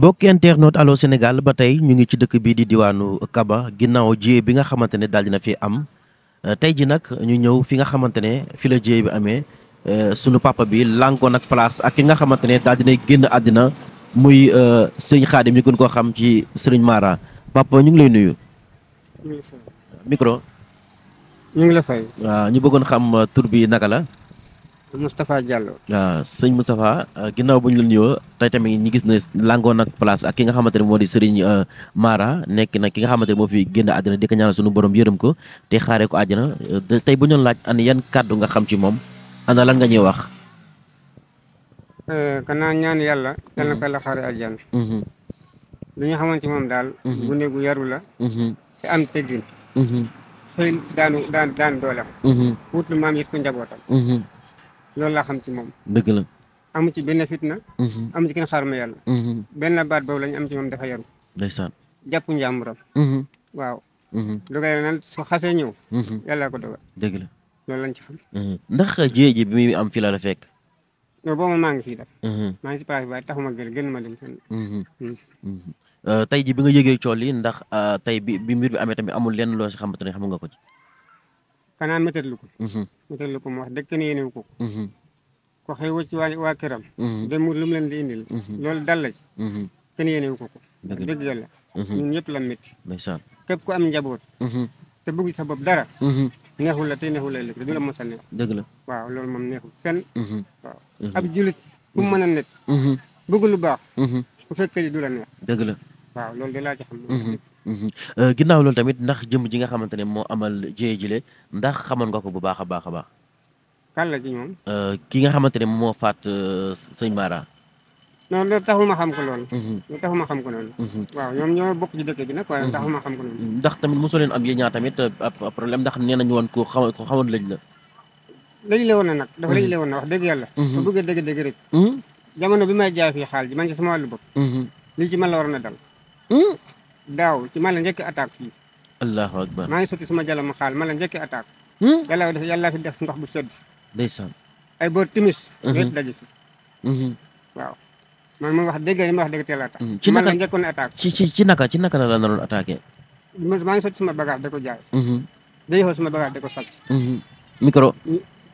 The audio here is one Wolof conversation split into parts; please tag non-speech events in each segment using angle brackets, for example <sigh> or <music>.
mbokki internaute Allô Sénégal ba tey ñu ngi ci dëkk bii di diwaanu Kaba ginnaaw jiyee bi nga xamante ne daal dina fi am euh, tey ji nag ñu ñëw fi nga xamante ne fi la jiyee bi amee euh, sunu papa bi lànkoon nag place ak ki nga xamante ne daal dinay génn àddina muy euh, sëñ Xaadim ñu gën koo xam ci sëriñ Mara papa ñu ngi lay nuyu. micro. ñu ngi la fay. ñu bëggoon xam tur bi naka la. Moustapha Diallo. waaw ah, sëñ Moustapha ah, ginnaaw bu ñu la nuyoo tey tamit ñi gis na làngoo nag place ak ki nga xamante ne moo di Serigne ah, Mara nekk nag ki nga xamante ne moo fi génn àddina di ko ñaanal sunu borom yërëm ko te xaaree ko àjjana tey bu ñoo laaj ana yan kàddu nga xam ci moom ana lan nga ñuy wax. kanaa eh, ñaan yàlla. yàlla na la yàlla xaaree àjjana. Mm-hmm. lu ñu xamante moom daal. bu mm-hmm. néegu yaru la. Mm-hmm. te am teggin. xëy daanu daan daan dooleem. wut lu maam yit ko njabootam. loolu laa xam ci moom dëgg la amu ci benn fitna mhm. amu ci kenn xaar ma yàlla mhm. benn baat boobu lañu am ci moom dafa yaru ndeysaan jàpp njàmburam mhm. waaw dogal nag soo xasee ñëw yàlla ko dogal dëgg la loolu lañ ci xam ndax jiyee ji bi muy am fii la la fekk non maa ngi fii daf maa ngi si place bi waaye taxuma gën gën ma dem fenn euh, tey ji bi nga yëgee cool yi ndax euh, tey bi bi mbir bi amee tamit amul lenn loo si xamante ne xam nga ko ci fanaan ma tëdd ko. Mhm. ma tëdd ko mu wax dëkk kenn ko. Mhm. ko xëy wa waa waa këram. Mhm. demul lu mu leen di indil. loolu dal la ci. kenn ko ko. dëgg yàlla. ñun ñëpp la métti. ndeysaan képp ku am njaboot. te bëgg sa bopp dara. neexul la tey neexul la léegi du la mos a neex. dëgg la waaw loolu moom neexul fenn. waaw ab jullit bu mu mën a nekk. bëgg lu baax. bu fekkee du la neex. dëgg la waaw de laa ci xam. Euh, ginnaaw loolu tamit ndax jëm ji nga xamante ne moo amal jëye jile ndax xamoon nga ko bu baax a baax a baax. kan la ci ñoom. Euh, ki nga xamante ne moo faat euh, sëñ Mara. non loolu taxuma xam ko loolu. Mhm. loolu taxuma xam ko loolu. Mhm. waaw ñoom ñoo bokk ci dëkk bi nag waaye mhm. taxuma xam ndax tamit mosoo leen am yéen ñaa tamit problème ndax nee nañu woon ko xaw ko xawoon lëj la. lëj la woon na nag. dafa lëj la woon na wax dëgg yàlla. bu bëggee dëgg dëgg rek. jamono bi may jaay fii xaal ji man ci sama wàllu bopp. lii ci man la waroon a dal. daaw ci maa la njëkk attaque fii allahu akbar maa ngi sotti suma jala ma xaal maa la njëkk attaque hmm? yàlla def yàlla fi def ndox ay boor timis lépp hmm. daje fi hmm. waaw man ma wax dëgg li ma wax dëgg teel a ci naka la njëkkoon attaque ci ci ci naka ci naka la la naroon attaqué maa ngi sotti suma bagage da ko jaay day xool suma bagage da ko sàcc micro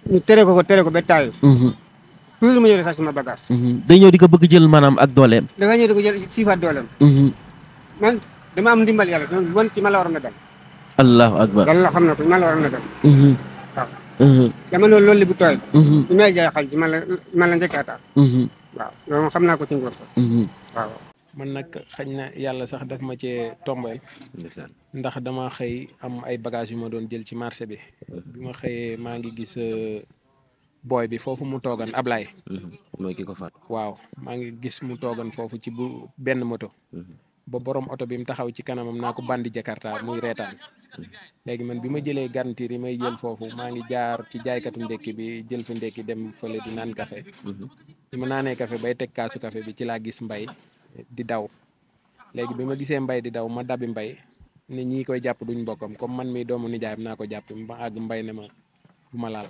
ñu tere ko ko tere ko ba taay toujours mu ñëw di sax sama bagage. day ñëw di ko bëgg jël maanaam ak dooleem. dafay ñëw di ko jël siifaat dooleem. dama am ndimbal yàlla ci ma la na ko a ma ma la xam naa ko ci mhm. nag xañ na yàlla sax daf ma cee tombal. ndax dama xëy am ay bagages yu ma doon jël ci marché bi. bi ma xëyee maa ngi gis. Euh, booy bi foofu mu toogan Ablaye. Mhm. mooy ki ko waaw maa ngi gis mu toogan foofu ci bu benn moto. Mhm. ba borom oto bi mu taxaw ci kanamam naa ko bandi jakarta muy reetaan léegi man bi ma jëlee garniture yi may jël foofu maa ngi jaar ci jaaykatu ndekki bi jël fi ndekki dem fële di naan café mm-hmm. bi ma naanee kafe bay teg kaasu café bi ci laa gis mbay di daw léegi bi ma gisee mbay di daw ma dabi mbay ne ñii koy jàpp duñ bokkam comme man mi doomu nijaayam naa ko jàpp ma àgg mbay ne ma bu ma laal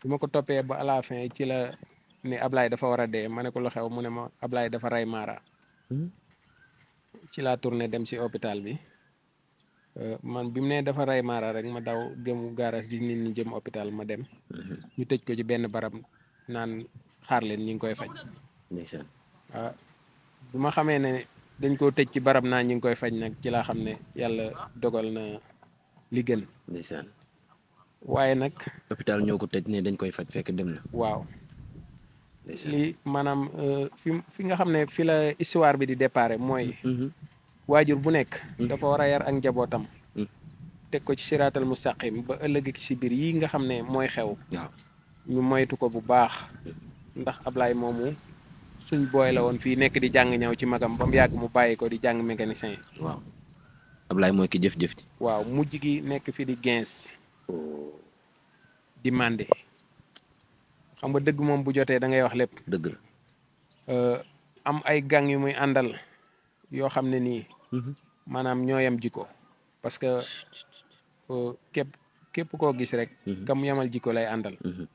bi ma ko toppee ba à fin ci la ne Ablaye dafa war a dee ma ne ko lu mu ne ma Ablaye dafa rey Mara mm-hmm. ci laa tourné dem si hôpital bi euh, man bi mu ne dafa rey rek ma daw jëmu garage gis nit ñi jëm hôpital ma dem mhm. ñu tëj ko ci benn barab naan xaar leen ñi ngi koy faj ah bu ma xamee ne dañ koo tëj ci barab naa ñi ngi koy faj nag ci laa xam ne yàlla dogal na li gën waaye nag hôpital ñoo ko tëj ne dañ koy faj fekk dem na waaw lii maanaam euh, fi nga xam ne fi la histoire bi di départ mooy mm-hmm. Mm-hmm. waajur bu nekk mm-hmm. dafa war a yar ak njabootam teg ko ci siraatal mu mustaqim ba ëllëg si biir yi nga xam ne mooy xew ñu moytu ko bu baax ndax Ablaye moomu suñ booy la woon fii nekk di jàng ñaw ci magam ba mu yàgg mu bàyyi ko di jàng mécanicien yi waaw Ablaye mooy ki jëf-jëf ji waaw mujj gi nekk fi di gens oh. di mànde am nga dëgg moom bu jotee dangay wax lépp. dëgg la euh, am ay gang yu muy àndal yoo xam ne nii. Mhm. maanaam ñoo yem jikko parce que euh, képp képp koo gis rek. Mhm. kam yemal jikko lay àndal. Mhm.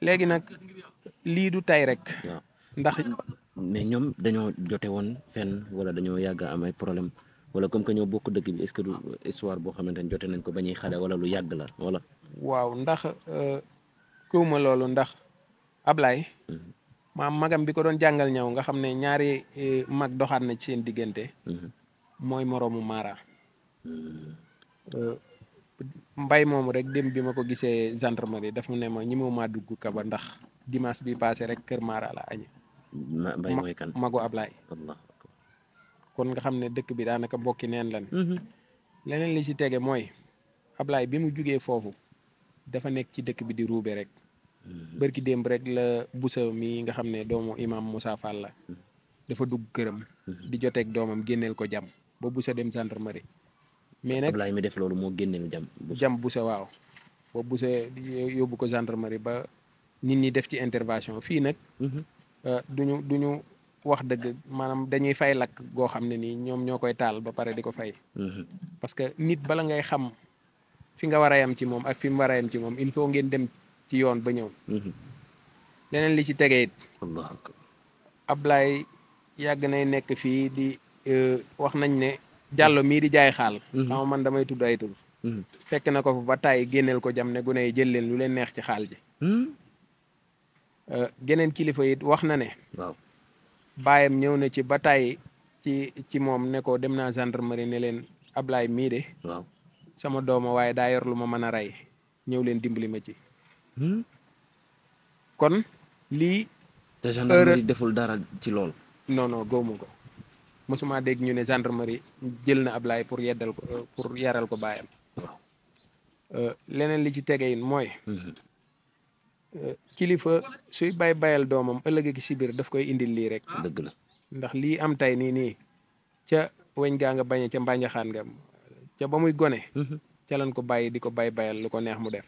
léegi nag lii du tay rek. ndax mais ñoom dañoo jote woon fen wala dañoo yàgg am ay problème wala comme que ñoo bokk dëkk bi est-ce que histoire boo xamante ne jote nañ ko ba ñuy xale wala lu yàgg la wala. waaw ndax. Euh, gëwuma loolu ndax Ablaye mhm. maam magam bi ko doon jàngal ñëw nga xam ne ñaari e, mag doxaat na ci seen diggante mhm. mooy moroomu Mara mhm. euh, mbay moomu rek dem bi ma ko gisee gendarmerie daf mu ne ma ñi maa dugg kaba ndax dimanche bi passé rek kër Mara la añe mbay magu Ablaye kon nga xam ne dëkk bi daanaka mbokki neen lan leneen li ci tege mooy Ablaye bi mu jugee foofu dafa nekk ci dëkk bi di ruube rek mm-hmm. bërki démb rek la busa mi nga xam ne doomu imam Moussa Fall la mm-hmm. dafa dugg këram mm-hmm. di joteeg doomam génneel ko jam ba busa dem gendarmerie mais nag Ablaye mi def loolu moo génneel jam jam busa waaw ba busa yóbbu ko gendarmerie ba nit ñi def ci intervention fii nag euh, duñu duñu wax dëgg maanaam dañuy fay lakk goo xam ne nii ñoom ñoo koy taal ba pare di ko fay parce que nit bala ngay xam fi nga war a yam ci moom ak fi mu war a yam ci moom il faut ngeen dem ci yoon ba ñëw mhm. leneen li ci tegee it Ablaye yàgg nay nekk fii di euh, wax nañ ne jàllo mii di jaay xaal xama mhm. man damay tudd ay mhm. fekk na ko fa ba tàyyi génneel ko jam ne gune yi jël leen lu leen neex ci xaal ji hmm? euh, geneen kilifa it wax na ne baayam ñëw na ci ba tàyyi ci ci moom nekkoo ko dem naa gendarmerie ne leen Ablaye mii de sama dooma waaye daa yor lu ma mën a rey ñëw leen dimbali ma ci hmm? kon lii te gendarmerie deful dara ci lool noonoo non ko mosuma dégg ñu ne gendarmerie jël na Ablaye pour yeddal ko euh, pour yaral ko baayam euh, leneen li ci tege yin mooy hmm. euh, kilifa suy bay bayal doomam ëllëg ak si biir daf koy indi lii rek dëgg ndax lii am tey nii nii ca weñ gaa nga bañe ca mbànjaxaan nga ca ba muy gone. Mhm. ca lan ko bàyyi di ko bay bayal lu ko neex mu def.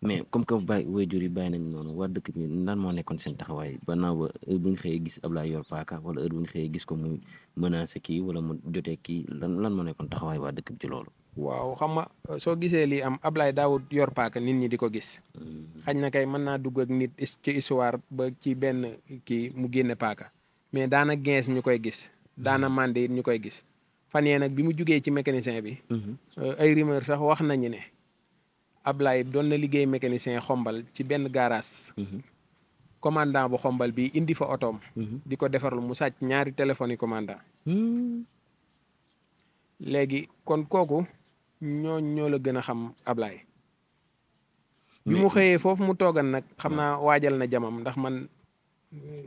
mais comme que bàyyi jur yi bàyyi nañ noonu waa dëkk bi nan moo nekkoon seen taxawaay ba naaw ba heure bu ñu xëyee gis Ablaye yor paaka wala heure ñu xëyee gis ko muy menacé kii wala mu jotee kii lan lan moo nekkoon taxawaay waa dëkk bi ci loolu. waaw xam nga uh, soo gisee lii am Ablaye daawut yor paaka nit ñi di ko gis. Mhm. xaj na kay mën naa dugg ak nit ci histoire ba ci benn kii mu génne paaka mais daana gens ñu koy gis daana màndi mhm. ñu koy gis. fan yee nag bi mu jógee ci mécanicien bi. Mhm. Euh, ay rumeur sax wax nañu ne Ablaye doon na liggéey mécanicien xombal ci benn gaaraas mhm. commandant bu xombal bi indi fa otoom. Mhm. di ko defarlu mu sàcc ñaari téléphones yi commandant. Hmm. léegi kon kooku ñoo ñoo la gën a xam Ablaye. bi mu xëyee foofu mu toogan nag xam naa waajal na jamam ndax man euh,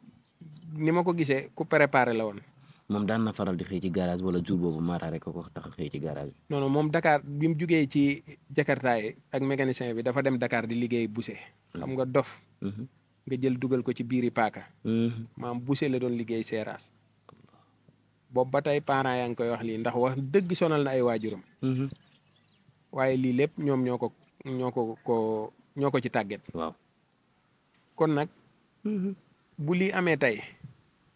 ni ma ko gisee ku préparé la woon. moom daan na faral di xëy ci garage wala jour boobu Mara rek ko tax a xëy ci garage noonu moom Dakar bi mu jugee ci Jakarta ak mécanicien bi dafa dem dakaar di liggéey buse xam nga dof mm-hmm. nga jël dugal ko ci biir biiri paaka mm-hmm. maam buse la doon liggéey seeraas boobu ba tey parents yaa ngi koy wax lii ndax wax dëgg sonal na ay waajuram mm-hmm. waaye lii lépp ñoom ñoo ko ko ko ko ci tàgget kon nag bu lii amee tey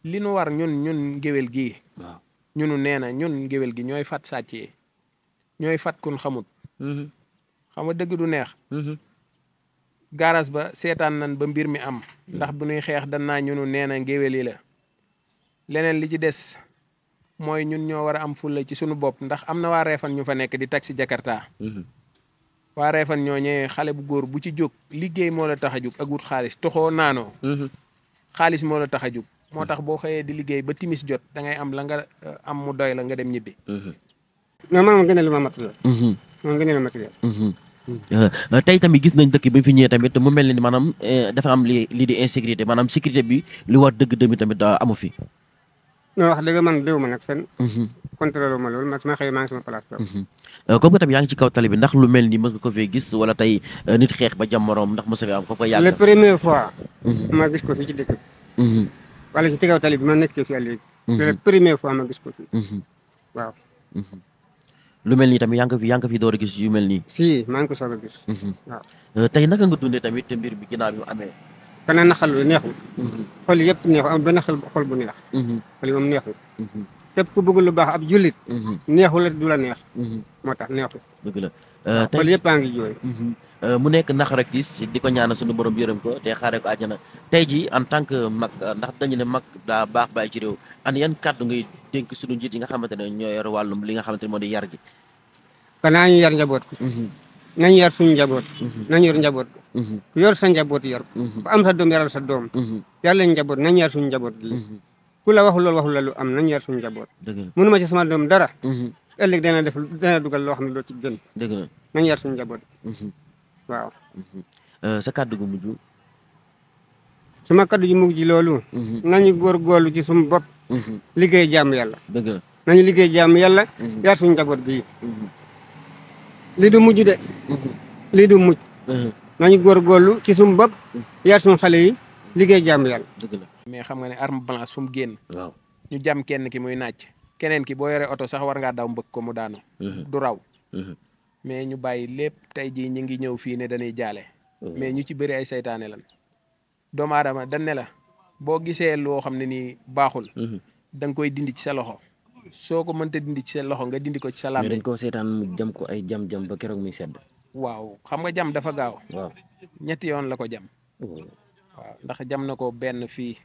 li nu war ñun ñun ngéwél gi waaw ñunu nee na ñun ngéwél gi ñooy fat sàcc ñooy fat kun xamut. Mm-hmm. xam nga dëgg du neex. Mm-hmm. gaaraas ba seetaan nan ba mbir mi am. Mm-hmm. ndax bu ñuy xeex dan naa ñunu nee na ngéwél yi la leneen li ci des. mooy ñun ñoo war a am fulla ci sunu bopp ndax am na waa reefan ñu fa nekk di taxi Jakarta waa reefan ñoo ñëwee xale bu góor bu ci jóg liggéey moo la tax a jóg ak wut xaalis toxoo naanoo xaalis moo la tax a jóg moo tax boo xëyee di liggéey ba timis jot da ngay am la nga euh, am mu doy la nga dem ñibbi. non maanaam gën a ma matériel. maanaam gën a lu ma matériel. Mhm. Mhm. Euh, tey tamit gis nañ dëkk bi fi ñëwee tamit mu mel ni maanaam euh, dafa am li lii di insécurité maanaam sécurité bi li war dëgg dëmi tamit amu fi. non wax dëgg man déw ma nag fenn. Mhm. contrôlé ma loolu man su ma xëyee maa ngi sama place boobu. comme que tamit yaa ngi ci kaw tali bi ndax lu mel ni mos ko fee gis wala tey nit xeex ba jàmm moroom ndax mos a am ko ko yàgg. la première fois. ma gis ko fii ci dëkk wala ci tegaw tali bi ma nekkee fii léegi. c'est la première fois ma gis ko fii. waaw. lu mel nii tamit yaa ngi ko fi yaa fi door a gis yu mel nii. si maa ngi ko soog a gis. waaw tey naka nga dundee tamit te mbir bi ginnaaw bi mu amee. kana naxal lu neexul. xol yëpp neexul am benn xel xol bu neex. xol yi moom neexul. képp ku bëgg lu baax ab jullit. neexu la du la neex. moo tax neexul. dëgg la xol yëpp a ngi eh, jooy. Euh, mu nekk nax rek tiis di ko ñaanal suñu borom yërëm ko te xaaree a àjjana tey jii en tant que mag euh, ndax dañu ne mag baax bàyyi ci an yan kàddu ngay dénk suñu njiit yi nga xamante ne ñoo yor wàllum li nga xamante ne moo di yar gi. kon naa ñu yar njaboot. Mhm. nañ yar suñu njaboot. Mhm. nañ yor njaboot. Mhm. ku yor sa njaboot yor. ku am sa doom yaral sa doom. yar leen njaboot nañ yar suñu njaboot gi. ku la waxul loolu waxul la am nañ yar suñu njaboot. mënuma ci sama doom dara. ëllëg dana def dana dugal loo xam doo ci gën. nañ yar suñu njaboot. waaw. Mhm. Euh, sa kàddu gu mujj. suma kàddu gi mujj loolu. Mhm. nañu góorgóorlu ci sum bopp. Mhm. liggéey jàmm yàlla. la nañu liggéey jàmm yàlla. yar suñu njaboot bii. lii du mujj de. lii du mujj. nañu góorlu ci sum bopp. yar suñu xale yi liggéey jàmm yàlla. dëgg mais xam nga ne arme blanche fu génn. ñu jàmm kenn ki muy naaj. keneen ki boo yoree oto sax war ngaa daw mbëkk ko mu daanu. du raw. mais ñu bàyyi lépp tey jii ñu ngi ñëw fii ne dañuy jaale. Mm. mais ñu ci bëri ay saytaane lan doomu aadama dañ ne la boo gisee loo xam ne nii baaxul. Mm-hmm. da koy dindi ci sa loxo. soo ko mënta dindi ci sa loxo nga dindi ko ci sa laam. mais dañ koo seetaan mu ko ay jam jam ba keroog muy sedd. waaw xam nga jam dafa gaaw. ñetti yoon la ko jam. Mm-hmm. waaw ndax jam na ko benn fii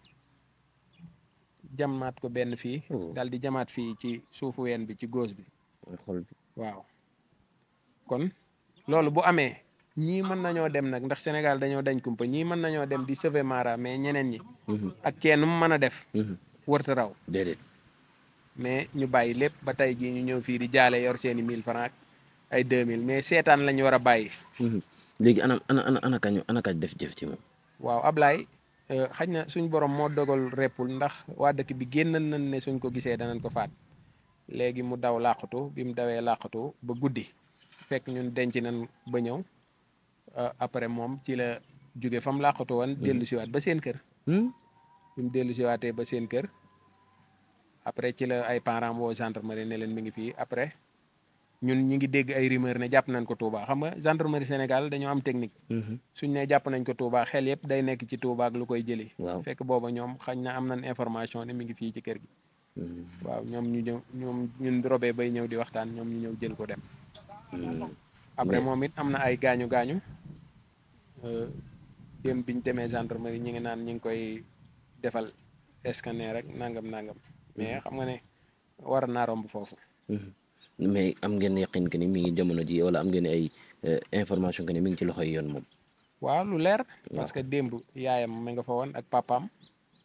jamaat ko benn fii. Mm-hmm. daal di jamaat fii ci suufu ween bi ci góos bi. bi waaw. kon loolu bu amee ñii mën nañoo dem nag ndax Sénégal dañoo dañ kumpa ñii mën nañoo dem di sauver Mara mais ñeneen ñi. Mm-hmm. ak kenn mu mën a def. Mm-hmm. wërta raw déedéet. mais ñu bàyyi lépp ba tey jii ñu ñëw fii di jaale yor seeni mille francs ay deux mille mais seetaan la ñu war a bàyyi. Mm-hmm. léegi ana ana ana kañ def jëf ci moom. waaw Ablaye euh, xaj na suñ borom moo dogal reppul ndax waa dëkk bi génnal nañ ne suñ ko gisee danañ ko faat léegi mu daw làqatu bi mu dawee làqatu ba guddi. fekk ñun denc nan ba ñëw euh, après moom ci la jóge fa mu làqatu woon hmm. dellu siwaat ba seen kër hmm? bi dellu siwaatee ba seen kër après ci la ay parents woo gendarmerie ne leen mi ngi fii après ñun ñu ngi dégg ay rumeur ne jàpp nañ ko Touba xam nga gendarmerie Sénégal dañoo am technique. Hmm. suñ ne jàpp nañ ko Touba xel yëpp day nekk ci Touba ak lu koy jëlee. fekk booba ñoom xañ na am nañ information ne mi ngi fii ci kër gi. waaw ñoom ñu ñëw ñoom ñun robee bay ñëw di waxtaan ñoom ñu ñëw jël ko dem. après moom it am na ay gaañu gaañu euh, démb biñ demee gendarmerie ñu ngi naan ñu ngi koy defal scanner rek nangam nangam mais mm-hmm. xam nga ne war naa romb foofu. Mm-hmm. mais am ngeen yaqin que mi ngi jamono ji wala am ngeen ay euh, information que ni mi ci loxoy yoon moom. waaw lu leer. parce que démb yaayam ma nga fa ak papaam.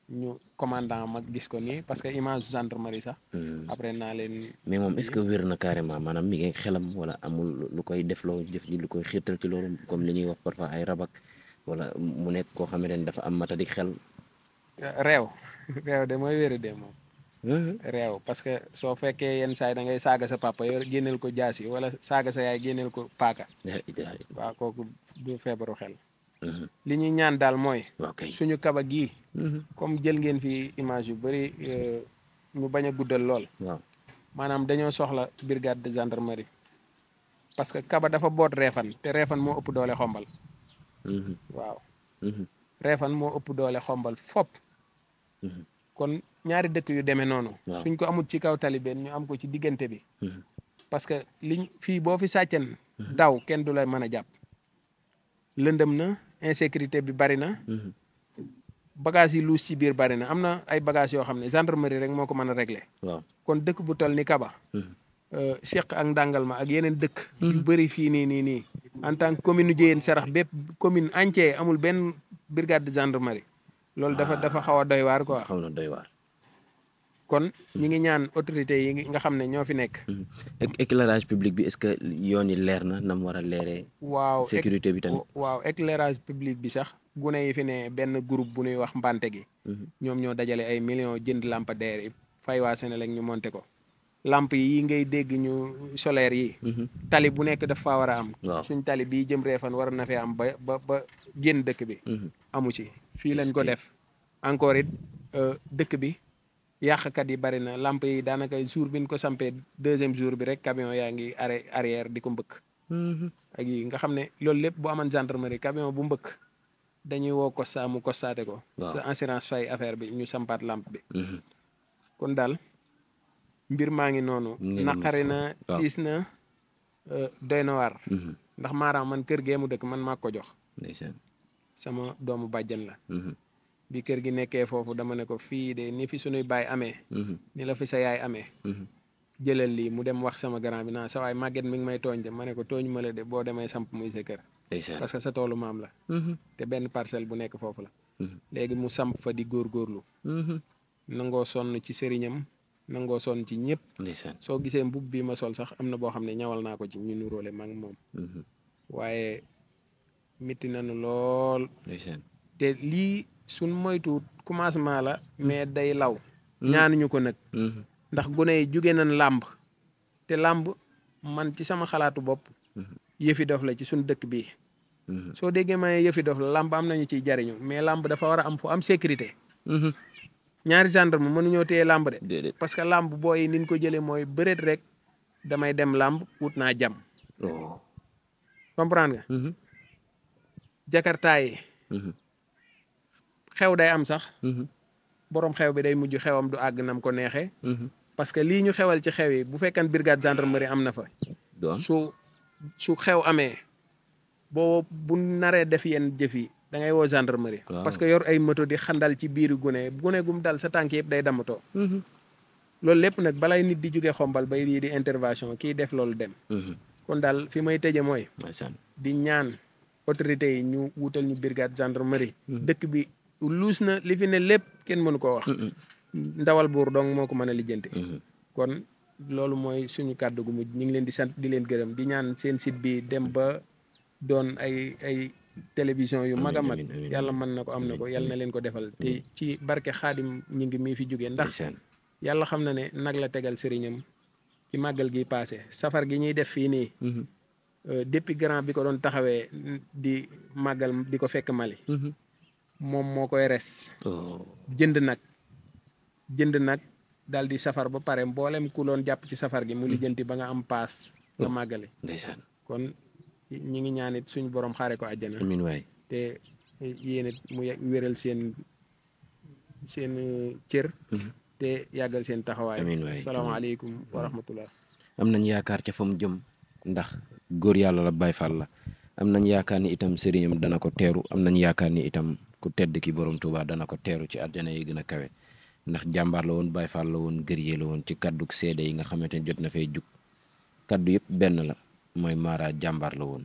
ñu commandant ma gis ko nii parce que image gendarmerie sax. Hmm. après naa leen. mais moom est-ce que wér na carrément maanaam mi ngi xelam wala amul lu koy def loo jëf ji lu koy xiirtal ci loolu comme li ñuy wax parfois ay rabak wala mu nekk koo xamante ne dafa am matadi xel. réew <laughs> réew de mooy wér de moom. Hmm. réew parce que soo fekkee yenn saa yi da ngay saaga sa papa yow génneel ko jaasi wala saaga sa yaay génneel ko paaka. waa kooku du feebaru xel. Mhm. li ñuy ñaan daal mooy. suñu kaba gi mhm. comme jël ngeen fi image yu bëri euh, ñu bañ a guddal lool. maanaam dañoo soxla brigade de gendarmerie. parce que kaba dafa boot reefan te reefan moo ëpp doole xombal. Mhm. waaw. reefan moo ëpp doole xombal fop kon ñaari dëkk yu demee noonu. suñ ko amul ci kaw talibeen ñu am ko ci diggante bi. parce que liñ fii boo fi sàccen daw kenn du lay mën a jàpp. lëndëm na insécurité bi bari na. Mhm. bagages yi luus ci biir bari na am na ay bagages yoo xam ne gendarmerie rek moo ko mën a régle waaw kon dëkk bu toll ni Kaba. Mhm. Euh, Cheikh ak Ndangal ma ak yeneen dëkk. yu mhm. bëri fii nii nii nii en tant commune nu Jéyeen Sarax bépp commune entière amul benn brigade de gendarmerie. loolu dafa ah. dafa xaw a doy waar quoi. xaw na doy waar. kon ñu ngi ñaan autorité yi nga xam ne ñoo fi nekk. Hmm. éclairage public bi est-ce que yoon yi leer na nam war a leeree. waaw sécurité bi tamit waaw éclairage public bi sax gune yi fi ne benn groupe bu ñuy wax mbante gi. Hmm. ñoom ñoo dajale ay millions jënd lampadaire yi fay waa Senelec ñu monter ko. làmp yi ngay dégg ñu solaire yi. Hmm. tali bu nekk daf faa war a am. suñ tali bii jëm reefan war na fee am ba ba ba génn dëkk bi. amu ci fii lañ ko def encore it euh, dëkk bi. yàqkat yi bari na lamp yi daanaka jour bi ñu ko sampee deuxième jour bi rek camion yaa ngi arrêt arrière di ko mbëkk. Mm-hmm. ak yi nga xam ne loolu lépp bu amoon gendarmerie camion bu mbëkk dañuy woo Costa mu constaté ko. sa assurance fay affaire bi ñu sampaat làmp bi. Mm-hmm. kon daal mbir maa ngi noonu. naqari na tiis na euh, doy na waar. Mm-hmm. ndax maanaam man kër gee mu dëkk man maak ko jox. sama doomu bàjjan la. bi kër gi nekkee foofu dama ne ko fii de ni fi sunuy baay amee mhm. ni la fi sa yaay amee mhm. jëlal lii mu dem wax sama grand bi naa sa waay màgget mi may tooñ de ma ne ko tooñ ma la de boo demee samp muy sa kër parce que sa toolu maam la mhm. te benn parcelle bu nekk foofu la léegi mu samp fa di góor góorgóorlu nangoo sonn ci sëriñam nangoo sonn ci ñëpp soo gisee mbubb bi ma sol sax am na boo xam ne ñawal naa ko ci ñu nuróole ma ak moom waaye mitti nañu lool te lii suñ moytuwut commencement la mais mm. day law mm. ñaanuñu ko nag mm-hmm. ndax gune yi jóge nañ làmb te làmb man ci sama xalaatu bopp mm-hmm. yëfi dof la ci suñ dëkk bii mm-hmm. soo déggee ma yëfi dof la làmb am nañu ciy jariñu mais làmb dafa war a am fu am sécurité ñaari gendarme mënuñoo téye làmb de parce que làmb booy niñ ko jëlee mooy bëreet rek damay dem làmb wut naa jam oh. comprendre nga xew day am sax. Mhm. borom xew bi day mujj xewam du àgg nam ko neexee. Mhm. parce que lii ñu xewal ci xew yi bu fekkan brigade gendarmerie am na fa. su su xew amee boo bu naree def yenn jëf yi da ngay woo gendarmerie. parce que yor ay moto di xandal ci biiru gune gune gum dal sa tànk yëpp day damatoo. Mhm. loolu lépp nag balay nit di jóge xombal ba yi di intervention kii def loolu dem. kon daal fi may tëje mooy. di ñaan autorité yi ñu wutal ñu gendre gendarmerie. dëkk bi. luus na li fi ne lépp kenn mënu koo wax. Mm-hmm. ndawal buur dong moo ko mën a lijjante mm-hmm. kon loolu mooy suñu kàddu gu mujj ñu ngi leen di sant di leen gërëm di ñaan seen sit bi dem ba doon ay ay. télévision yu mag a mag yàlla mën na ko am na ko yàlla na leen ko defal te mm-hmm. ci barke xaadim ñu ngi mii fi jógee ndax yàlla xam na ne nag la tegal sëriñam ci màggal gi passé safar gi ñuy def fii nii euh, depuis grand bi ko doon taxawee di màggal di ko fekk Mali moom moo koy res. Oh. jënd nag jënd nag daal di safar ba pare mboolem ku loon jàpp ci safar gi mu mm. lijjanti ba nga am paas. nga mm. màggale. ndeysaan kon ñi ngi ñaan it suñu borom xaare ko àjjana. amiin te yéen it mu wéral seen seen cër. Mm-hmm. te yàggal seen taxawaay. amiin waay asalaamaaleykum wa mm-hmm. am nañ yaakaar ca fa jëm ndax góor yàlla la Baay Faal la am nañ yaakaar ni itam sëriñam dana ko teeru am nañ yaakaar ni itam. ku tedd ki boroom Touba dana ko teeru ci àjjana yi gën a kawe ndax jàmbaar la woon Baay Faal la woon gërëyee la woon ci kàddug seede yi nga xamante ne jot na fay jug kàddu yëpp benn la mooy Mara jàmbaar la woon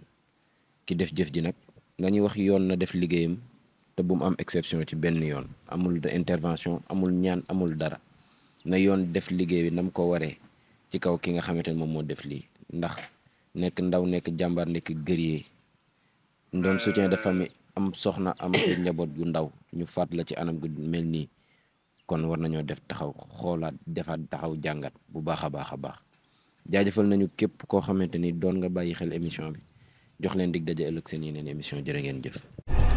ki def jëf ji nag nga ñuy wax yoon na def liggéeyam te bu mu am exception ci benn yoon amul intervention amul ñaan amul dara na yoon def liggéey bi na mu ko waree ci kaw ki nga xamante ne moom moo def lii ndax nekk ndaw nekk jàmbaar nekk gërëyee ndoon soutien de am soxna am njaboot gu ndaw ñu faat la ci anam gu mel nii kon war nañoo def taxaw xoolaat defaat taxaw jàngat bu baax a baax a baax jaajëfal nañu képp koo xamante ni doon nga bàyyi xel émission bi jox leen dig daje ëllëg seen yeneen émission jërë ngeen jëf